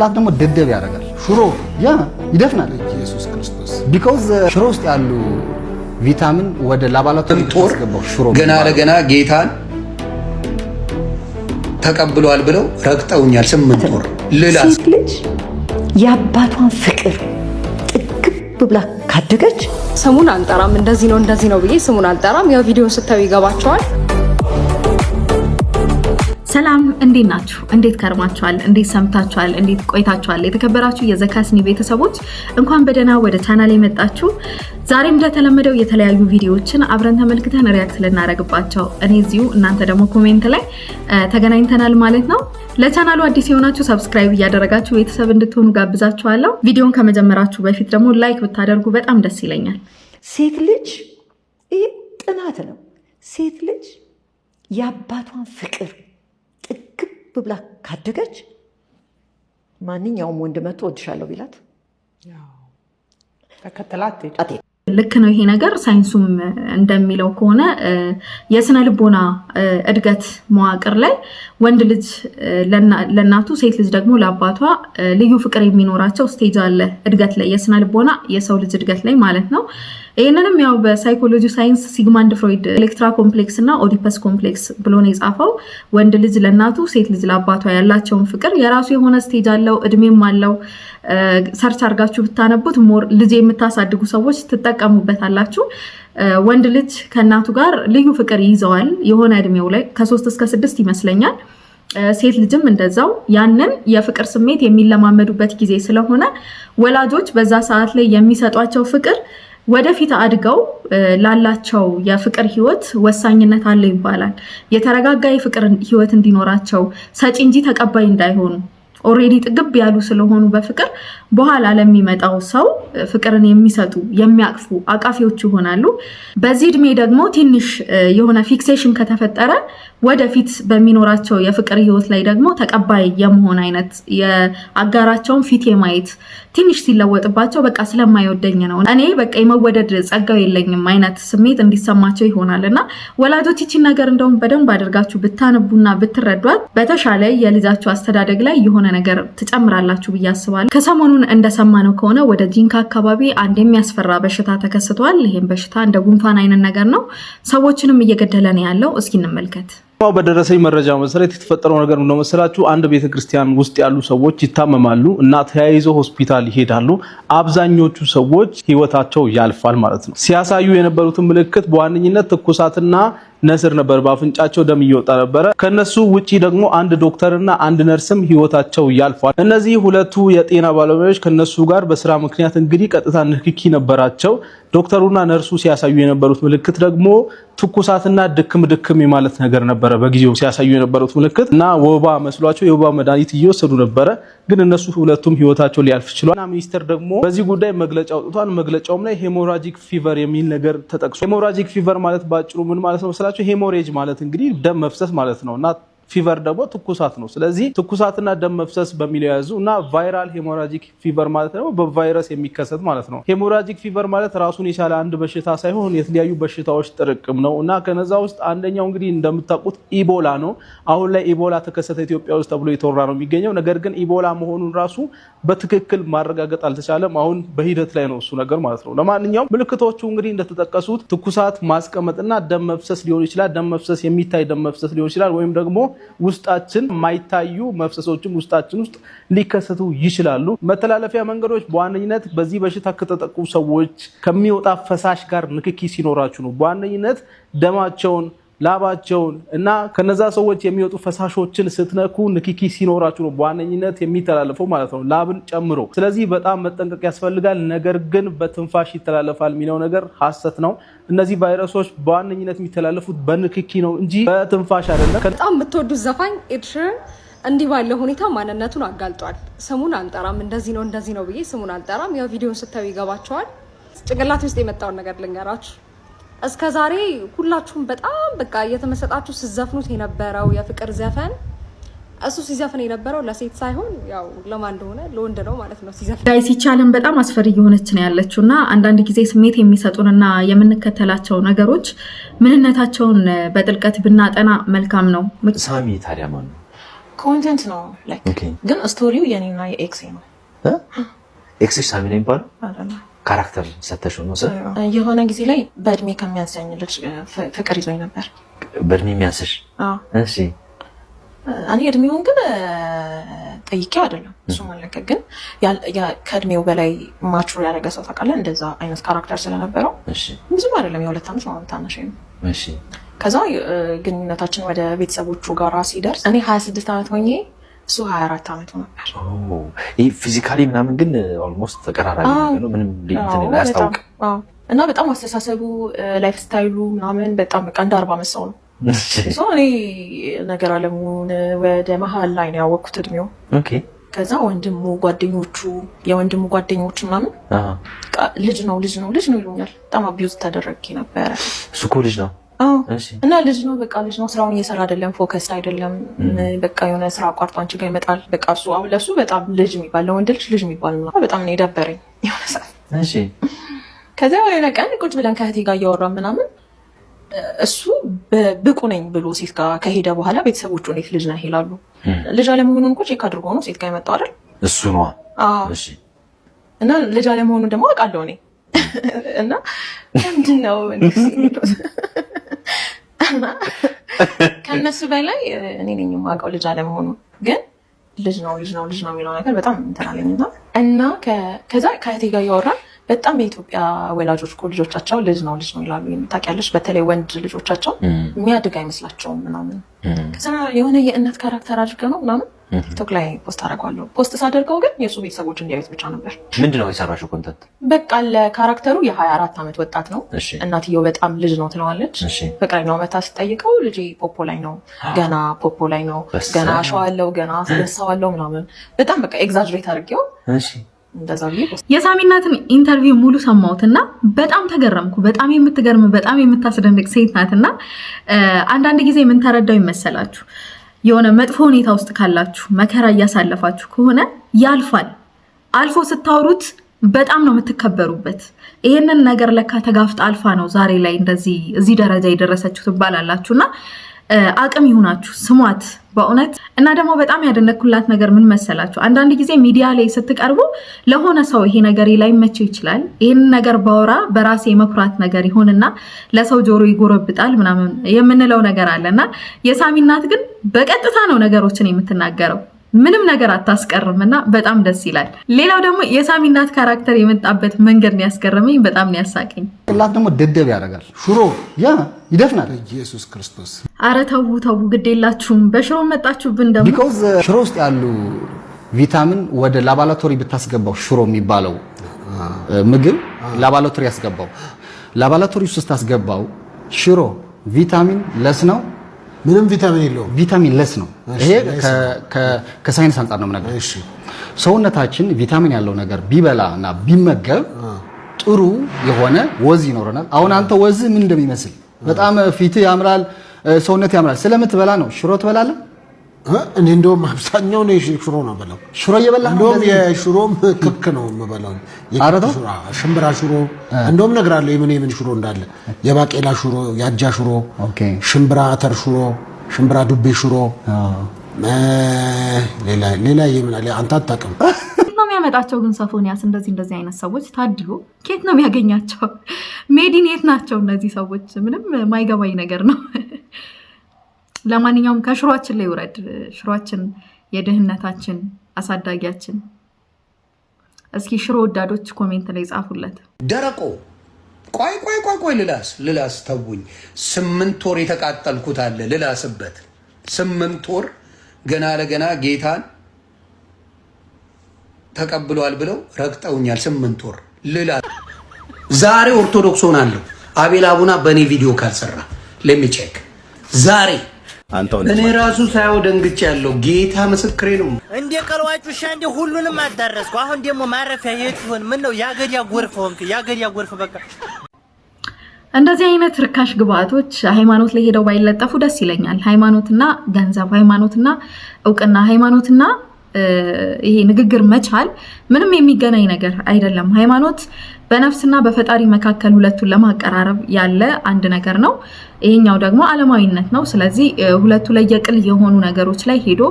ጭንቅላት ደግሞ ደደብ ያደርጋል። ሽሮ ያ ይደፍናል። ኢየሱስ ክርስቶስ ቢኮዝ uh, ሽሮ ውስጥ ያሉ ቪታሚን ወደ ላባላቶሪ ጦር ሽሮ ገና ለገና ጌታን ተቀብሏል ብለው ረግጠውኛል። ስምንት ጦር ሌላ ሴት ልጅ የአባቷን ፍቅር ጥግብ ብላ ካደገች ስሙን አልጠራም እንደዚህ ነው እንደዚህ ነው ብዬ ስሙን አልጠራም። ያው ቪዲዮን ስታዩ ይገባቸዋል። ሰላም እንዴት ናችሁ? እንዴት ከርማችኋል? እንዴት ሰምታችኋል? እንዴት ቆይታችኋል? የተከበራችሁ የዘካስኒ ቤተሰቦች እንኳን በደህና ወደ ቻናል የመጣችሁ። ዛሬም እንደተለመደው የተለያዩ ቪዲዮዎችን አብረን ተመልክተን ሪያክት ልናደርግባቸው እኔ እዚሁ እናንተ ደግሞ ኮሜንት ላይ ተገናኝተናል ማለት ነው። ለቻናሉ አዲስ የሆናችሁ ሰብስክራይብ እያደረጋችሁ ቤተሰብ እንድትሆኑ ጋብዛችኋለሁ። ቪዲዮን ከመጀመራችሁ በፊት ደግሞ ላይክ ብታደርጉ በጣም ደስ ይለኛል። ሴት ልጅ ይህ ጥናት ነው። ሴት ልጅ የአባቷን ፍቅር ብብላ ካደገች ማንኛውም ወንድ መቶ ወድሻለሁ ቢላት ልክ ነው። ይሄ ነገር ሳይንሱም እንደሚለው ከሆነ የስነ ልቦና እድገት መዋቅር ላይ ወንድ ልጅ ለእናቱ፣ ሴት ልጅ ደግሞ ለአባቷ ልዩ ፍቅር የሚኖራቸው ስቴጅ አለ እድገት ላይ የስነ ልቦና የሰው ልጅ እድገት ላይ ማለት ነው። ይህንንም ያው በሳይኮሎጂ ሳይንስ ሲግማንድ ፍሮይድ ኤሌክትራ ኮምፕሌክስ እና ኦዲፐስ ኮምፕሌክስ ብሎ ነው የጻፈው። ወንድ ልጅ ለእናቱ ሴት ልጅ ለአባቷ ያላቸውን ፍቅር የራሱ የሆነ ስቴጅ አለው፣ እድሜም አለው። ሰርች አድርጋችሁ ብታነቡት ሞር ልጅ የምታሳድጉ ሰዎች ትጠቀሙበታላችሁ። ወንድ ልጅ ከእናቱ ጋር ልዩ ፍቅር ይይዘዋል የሆነ እድሜው ላይ ከሶስት እስከ ስድስት ይመስለኛል። ሴት ልጅም እንደዛው ያንን የፍቅር ስሜት የሚለማመዱበት ጊዜ ስለሆነ ወላጆች በዛ ሰዓት ላይ የሚሰጧቸው ፍቅር ወደፊት አድገው ላላቸው የፍቅር ህይወት ወሳኝነት አለው ይባላል። የተረጋጋ የፍቅር ህይወት እንዲኖራቸው ሰጪ እንጂ ተቀባይ እንዳይሆኑ ኦሬዲ ጥግብ ያሉ ስለሆኑ በፍቅር በኋላ ለሚመጣው ሰው ፍቅርን የሚሰጡ የሚያቅፉ አቃፊዎች ይሆናሉ። በዚህ እድሜ ደግሞ ትንሽ የሆነ ፊክሴሽን ከተፈጠረ ወደፊት በሚኖራቸው የፍቅር ህይወት ላይ ደግሞ ተቀባይ የመሆን አይነት የአጋራቸውን ፊት የማየት ትንሽ ሲለወጥባቸው በቃ ስለማይወደኝ ነው እኔ በቃ የመወደድ ጸጋው የለኝም አይነት ስሜት እንዲሰማቸው ይሆናል እና ወላጆች ይችን ነገር እንደውም በደንብ አድርጋችሁ ብታነቡና ብትረዷት በተሻለ የልጃቸው አስተዳደግ ላይ የሆነ ነገር ትጨምራላችሁ ብዬ አስባለሁ። ከሰሞኑን እንደሰማነው ከሆነ ወደ ጂንካ አካባቢ አንድ የሚያስፈራ በሽታ ተከስቷል። ይህም በሽታ እንደ ጉንፋን አይነት ነገር ነው። ሰዎችንም እየገደለ ነው ያለው። እስኪ እንመልከት። ያው በደረሰኝ መረጃ መሰረት የተፈጠረው ነገር ነው መሰላችሁ፣ አንድ ቤተክርስቲያን ውስጥ ያሉ ሰዎች ይታመማሉ እና ተያይዘው ሆስፒታል ይሄዳሉ። አብዛኞቹ ሰዎች ህይወታቸው ያልፋል ማለት ነው። ሲያሳዩ የነበሩትን ምልክት በዋነኝነት ትኩሳትና ነስር ነበር። በአፍንጫቸው ደም እየወጣ ነበረ። ከነሱ ውጪ ደግሞ አንድ ዶክተርና አንድ ነርስም ህይወታቸው ያልፏል። እነዚህ ሁለቱ የጤና ባለሙያዎች ከነሱ ጋር በስራ ምክንያት እንግዲህ ቀጥታ ንክኪ ነበራቸው። ዶክተሩና ነርሱ ሲያሳዩ የነበሩት ምልክት ደግሞ ትኩሳትና ድክም ድክም የማለት ነገር ነበረ። በጊዜው ሲያሳዩ የነበሩት ምልክት እና ወባ መስሏቸው የወባ መድኃኒት እየወሰዱ ነበረ። ግን እነሱ ሁለቱም ህይወታቸው ሊያልፍ ችሏል። እና ሚኒስቴር ደግሞ በዚህ ጉዳይ መግለጫ አውጥቷል። መግለጫውም ላይ ሄሞራጂክ ፊቨር የሚል ነገር ተጠቅሷል። ሄሞራጂክ ፊቨር ማለት በአጭሩ ምን ማለት ነው? ካላችሁ ሄሞሬጅ ማለት እንግዲህ ደም መፍሰስ ማለት ነው እና ፊቨር ደግሞ ትኩሳት ነው። ስለዚህ ትኩሳትና ደም መፍሰስ በሚል የያዙ እና ቫይራል ሄሞራጂክ ፊቨር ማለት ደግሞ በቫይረስ የሚከሰት ማለት ነው። ሄሞራጂክ ፊቨር ማለት ራሱን የቻለ አንድ በሽታ ሳይሆን የተለያዩ በሽታዎች ጥርቅም ነው እና ከነዛ ውስጥ አንደኛው እንግዲህ እንደምታውቁት ኢቦላ ነው። አሁን ላይ ኢቦላ ተከሰተ ኢትዮጵያ ውስጥ ተብሎ የተወራ ነው የሚገኘው። ነገር ግን ኢቦላ መሆኑን ራሱ በትክክል ማረጋገጥ አልተቻለም። አሁን በሂደት ላይ ነው እሱ ነገር ማለት ነው። ለማንኛውም ምልክቶቹ እንግዲህ እንደተጠቀሱት ትኩሳት፣ ማስቀመጥና ደም መፍሰስ ሊሆን ይችላል። ደም መፍሰስ የሚታይ ደም መፍሰስ ሊሆን ይችላል ወይም ደግሞ ውስጣችን የማይታዩ መፍሰሶችም ውስጣችን ውስጥ ሊከሰቱ ይችላሉ። መተላለፊያ መንገዶች በዋነኝነት በዚህ በሽታ ከተጠቁ ሰዎች ከሚወጣ ፈሳሽ ጋር ንክኪ ሲኖራችሁ ነው። በዋነኝነት ደማቸውን ላባቸውን እና ከነዛ ሰዎች የሚወጡ ፈሳሾችን ስትነኩ ንክኪ ሲኖራችሁ ነው በዋነኝነት የሚተላለፈው ማለት ነው፣ ላብን ጨምሮ። ስለዚህ በጣም መጠንቀቅ ያስፈልጋል። ነገር ግን በትንፋሽ ይተላለፋል የሚለው ነገር ሀሰት ነው። እነዚህ ቫይረሶች በዋነኝነት የሚተላለፉት በንክኪ ነው እንጂ በትንፋሽ አይደለም። በጣም የምትወዱት ዘፋኝ ኤድሽን እንዲህ ባለ ሁኔታ ማንነቱን አጋልጧል። ስሙን አልጠራም፣ እንደዚህ ነው እንደዚህ ነው ብዬ ስሙን አልጠራም። ያው ቪዲዮን ስታዩ ይገባቸዋል። ጭንቅላት ውስጥ የመጣውን ነገር ልንገራችሁ እስከ ዛሬ ሁላችሁም በጣም በቃ እየተመሰጣችሁ ስዘፍኑት የነበረው የፍቅር ዘፈን እሱ ሲዘፍን የነበረው ለሴት ሳይሆን ያው ለማን እንደሆነ ለወንድ ነው ማለት ነው ሲዘፍን። ጋይ ሲቻለን በጣም አስፈሪ የሆነች ነው ያለችው እና አንዳንድ ጊዜ ስሜት የሚሰጡንና የምንከተላቸው ነገሮች ምንነታቸውን በጥልቀት ብናጠና መልካም ነው። ሳሚ ታዲያ ማን ነው? ኮንቴንት ነው ግን ስቶሪው የኔና የኤክሴ ነው። ኤክሴሽ ሳሚ ነው የሚባለው ካራክተር ሰተሽ ነው። የሆነ ጊዜ ላይ በእድሜ ከሚያንሰኝ ልጅ ፍቅር ይዞኝ ነበር። በእድሜ የሚያንስሽ? እሺ። እኔ እድሜውን ግን ጠይቄው አይደለም እሱ ማለቀ ግን ከእድሜው በላይ ማቹር ያደረገ ሰው ታውቃለህ፣ እንደዛ አይነት ካራክተር ስለነበረው ብዙም አይደለም የሁለት ዓመት ምናምን ታናሽ ነው። ከዛ ግንኙነታችን ወደ ቤተሰቦቹ ጋር ሲደርስ እኔ ሀያ ስድስት ዓመት ሆኜ እሱ 24 ዓመቱ ነበር። ይህ ፊዚካሊ ምናምን ግን ኦልሞስት ተቀራራቢ ምንም እና በጣም አስተሳሰቡ፣ ላይፍ ስታይሉ ምናምን በጣም በቃ እንደ አርባ መሰው ነው። እኔ ነገር አለሙን ወደ መሀል ላይ ነው ያወቅኩት እድሜው። ከዛ ወንድሙ ጓደኞቹ የወንድሙ ጓደኞች ምናምን ልጅ ነው ልጅ ነው ልጅ ነው ይሉኛል። በጣም አቢዩዝ ተደረግ ነበረ። እሱ እኮ ልጅ ነው እና ልጅ ነው በቃ ልጅ ነው። ስራውን እየሰራ አይደለም፣ ፎከስ አይደለም። በቃ የሆነ ስራ አቋርጦ አንቺ ጋር ይመጣል። በቃ እሱ አሁን ለሱ በጣም ልጅ የሚባል ለወንድ ልጅ ልጅ የሚባል ነው። በጣም ነው የደበረኝ ከዚያ የሆነ ቀን ቁጭ ብለን ከእህቴ ጋር እያወራ ምናምን እሱ ብቁ ነኝ ብሎ ሴት ጋር ከሄደ በኋላ ቤተሰቦቹ እንዴት ልጅ ነህ ይላሉ። ልጅ አለመሆኑን እኮ ቼክ አድርጎ ነው ሴት ጋር የመጣው አይደል? እሱ ነዋ። እና ልጅ አለመሆኑን ደግሞ አውቃለሁ እኔ እና ምንድን ነው ከእነሱ በላይ እኔ ነኝ የማውቀው ልጅ አለመሆኑ ግን ልጅ ነው ልጅ ነው ልጅ ነው የሚለው ነገር በጣም እንትን እና ከዛ ከእህቴ ጋር እያወራን በጣም የኢትዮጵያ ወላጆች እኮ ልጆቻቸው ልጅ ነው ልጅ ነው ይላሉ። ታውቂያለሽ፣ በተለይ ወንድ ልጆቻቸው የሚያድግ አይመስላቸውም ምናምን ከዛ የሆነ የእናት ካራክተር አድርገ ነው ምናምን ቲክቶክ ላይ ፖስት አደርገዋለሁ። ፖስት ሳደርገው ግን የእሱ ቤተሰቦች እንዲያዩት ብቻ ነበር። ምንድነው የሰራሽው ኮንተንት? በቃ ለካራክተሩ የ24 ዓመት ወጣት ነው። እናትየው በጣም ልጅ ነው ትለዋለች። ፍቅረኛው መታ ስጠይቀው ል ፖፖ ላይ ነው ገና ፖፖ ላይ ነው ገና አሸዋለው ገና አስደሳዋለው ምናምን በጣም በቃ ኤግዛጅሬት አድርጌው የሳሚናትን ኢንተርቪው ሙሉ ሰማሁትና በጣም ተገረምኩ። በጣም የምትገርም በጣም የምታስደንቅ ሴት ናትና አንዳንድ ጊዜ የምንተረዳው ይመሰላችሁ የሆነ መጥፎ ሁኔታ ውስጥ ካላችሁ መከራ እያሳለፋችሁ ከሆነ ያልፋል። አልፎ ስታወሩት በጣም ነው የምትከበሩበት። ይህንን ነገር ለካ ተጋፍጣ አልፋ ነው ዛሬ ላይ እንደዚህ እዚህ ደረጃ የደረሰችሁ ትባላላችሁ እና አቅም ይሁናችሁ፣ ስሟት በእውነት እና ደግሞ በጣም ያደነኩላት ነገር ምን መሰላችሁ? አንዳንድ ጊዜ ሚዲያ ላይ ስትቀርቡ ለሆነ ሰው ይሄ ነገር ላይመቸው ይችላል። ይህን ነገር ባወራ በራሴ የመኩራት ነገር ይሆንና ለሰው ጆሮ ይጎረብጣል ምናምን የምንለው ነገር አለ እና የሳሚ እናት ግን በቀጥታ ነው ነገሮችን የምትናገረው። ምንም ነገር አታስቀርም እና በጣም ደስ ይላል። ሌላው ደግሞ የሳሚ እናት ካራክተር የመጣበት መንገድ ነው ያስገረመኝ፣ በጣም ነው ያሳቀኝ። ቅላት ደግሞ ደደብ ያደርጋል። ሽሮ ያ ይደፍናል። ኢየሱስ ክርስቶስ! አረ ተው ተው፣ ግድ የላችሁም በሽሮ መጣችሁብን። ደግሞ ቢኮዝ ሽሮ ውስጥ ያሉ ቪታሚን ወደ ላባላቶሪ ብታስገባው ሽሮ የሚባለው ምግብ ላባላቶሪ ያስገባው ላባላቶሪ ውስጥ ታስገባው ሽሮ ቪታሚን ለስ ነው ምንም ቪታሚን የለውም። ቪታሚን ለስ ነው። ይሄ ከሳይንስ አንጻር ነው የምነግርህ። ሰውነታችን ቪታሚን ያለው ነገር ቢበላ እና ቢመገብ ጥሩ የሆነ ወዝ ይኖረናል። አሁን አንተ ወዝ ምን እንደሚመስል በጣም ፊት ያምራል፣ ሰውነት ያምራል። ስለምትበላ ነው። ሽሮ ትበላለህ እኔ እንደውም አብዛኛው ነው ሽሮ ነው በለው። ሽሮ እየበላ እንደውም የሽሮም ክክ ነው የምበላው። ሽምብራ ሽሮ እንደውም ነግራለሁ የምን የምን ሽሮ እንዳለ የባቄላ ሽሮ፣ የአጃ ሽሮ፣ ሽምብራ አተር ሽሮ፣ ሽምብራ ዱቤ ሽሮ፣ ሌላ የምን አለ አንተ አታውቅም። የሚያመጣቸው ግን ሶፎንያስ እንደዚህ እንደዚህ አይነት ሰዎች ታድሎ ኬት ነው የሚያገኛቸው? ሜዲኔት ናቸው እነዚህ ሰዎች። ምንም ማይገባኝ ነገር ነው ለማንኛውም ከሽሯችን ላይ ውረድ። ሽሯችን የድህነታችን አሳዳጊያችን። እስኪ ሽሮ ወዳዶች ኮሜንት ላይ ጻፉለት። ደረቆ ቆይ ቆይ ቆይ ቆይ ልላስ ልላስ ተውኝ። ስምንት ወር የተቃጠልኩት አለ ልላስበት። ስምንት ወር ገና ለገና ጌታን ተቀብሏል ብለው ረግጠውኛል። ስምንት ወር ልላ ዛሬ ኦርቶዶክስ ሆናለሁ አቤል አቡና በእኔ ቪዲዮ ካልሰራ ለሚቼክ ዛሬ እኔ ራሱ ሳያው ደንግጬ ያለው ጌታ ምስክሬ ነው። እንዴ ቀልዋጩ ሻ እንዴ ሁሉንም አዳረስኩ። አሁን ደግሞ ማረፊያ የት ይሆን? ምን ነው ያገዳ ጎርፍ ሆንክ? ያገዳ ጎርፍ በቃ እንደዚህ አይነት ርካሽ ግብአቶች ሃይማኖት ላይ ሄደው ባይለጠፉ ደስ ይለኛል። ሃይማኖትና ገንዘብ፣ ሃይማኖትና እውቅና፣ ሃይማኖትና ይሄ ንግግር መቻል ምንም የሚገናኝ ነገር አይደለም። ሃይማኖት በነፍስና በፈጣሪ መካከል ሁለቱን ለማቀራረብ ያለ አንድ ነገር ነው። ይሄኛው ደግሞ ዓለማዊነት ነው። ስለዚህ ሁለቱ ላይ የቅል የሆኑ ነገሮች ላይ ሄዶ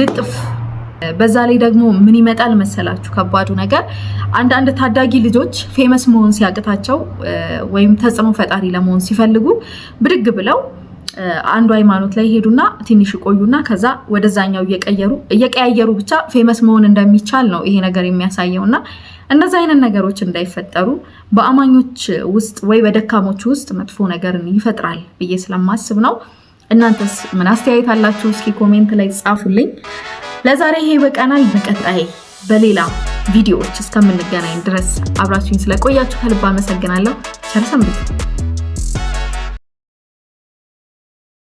ልጥፍ። በዛ ላይ ደግሞ ምን ይመጣል መሰላችሁ ከባዱ ነገር አንዳንድ ታዳጊ ልጆች ፌመስ መሆን ሲያቅታቸው ወይም ተጽዕኖ ፈጣሪ ለመሆን ሲፈልጉ ብድግ ብለው አንዱ ሃይማኖት ላይ ሄዱና ትንሽ ይቆዩና ከዛ ወደዛኛው እየቀየሩ እየቀያየሩ ብቻ ፌመስ መሆን እንደሚቻል ነው ይሄ ነገር የሚያሳየው። እና እነዚ አይነት ነገሮች እንዳይፈጠሩ በአማኞች ውስጥ ወይ በደካሞች ውስጥ መጥፎ ነገርን ይፈጥራል ብዬ ስለማስብ ነው። እናንተስ ምን አስተያየት አላችሁ? እስኪ ኮሜንት ላይ ጻፉልኝ። ለዛሬ ይሄ በቀናል። በቀጣይ በሌላ ቪዲዮዎች እስከምንገናኝ ድረስ አብራችሁኝ ስለቆያችሁ ከልብ አመሰግናለሁ። ቸር ሰንብቱ።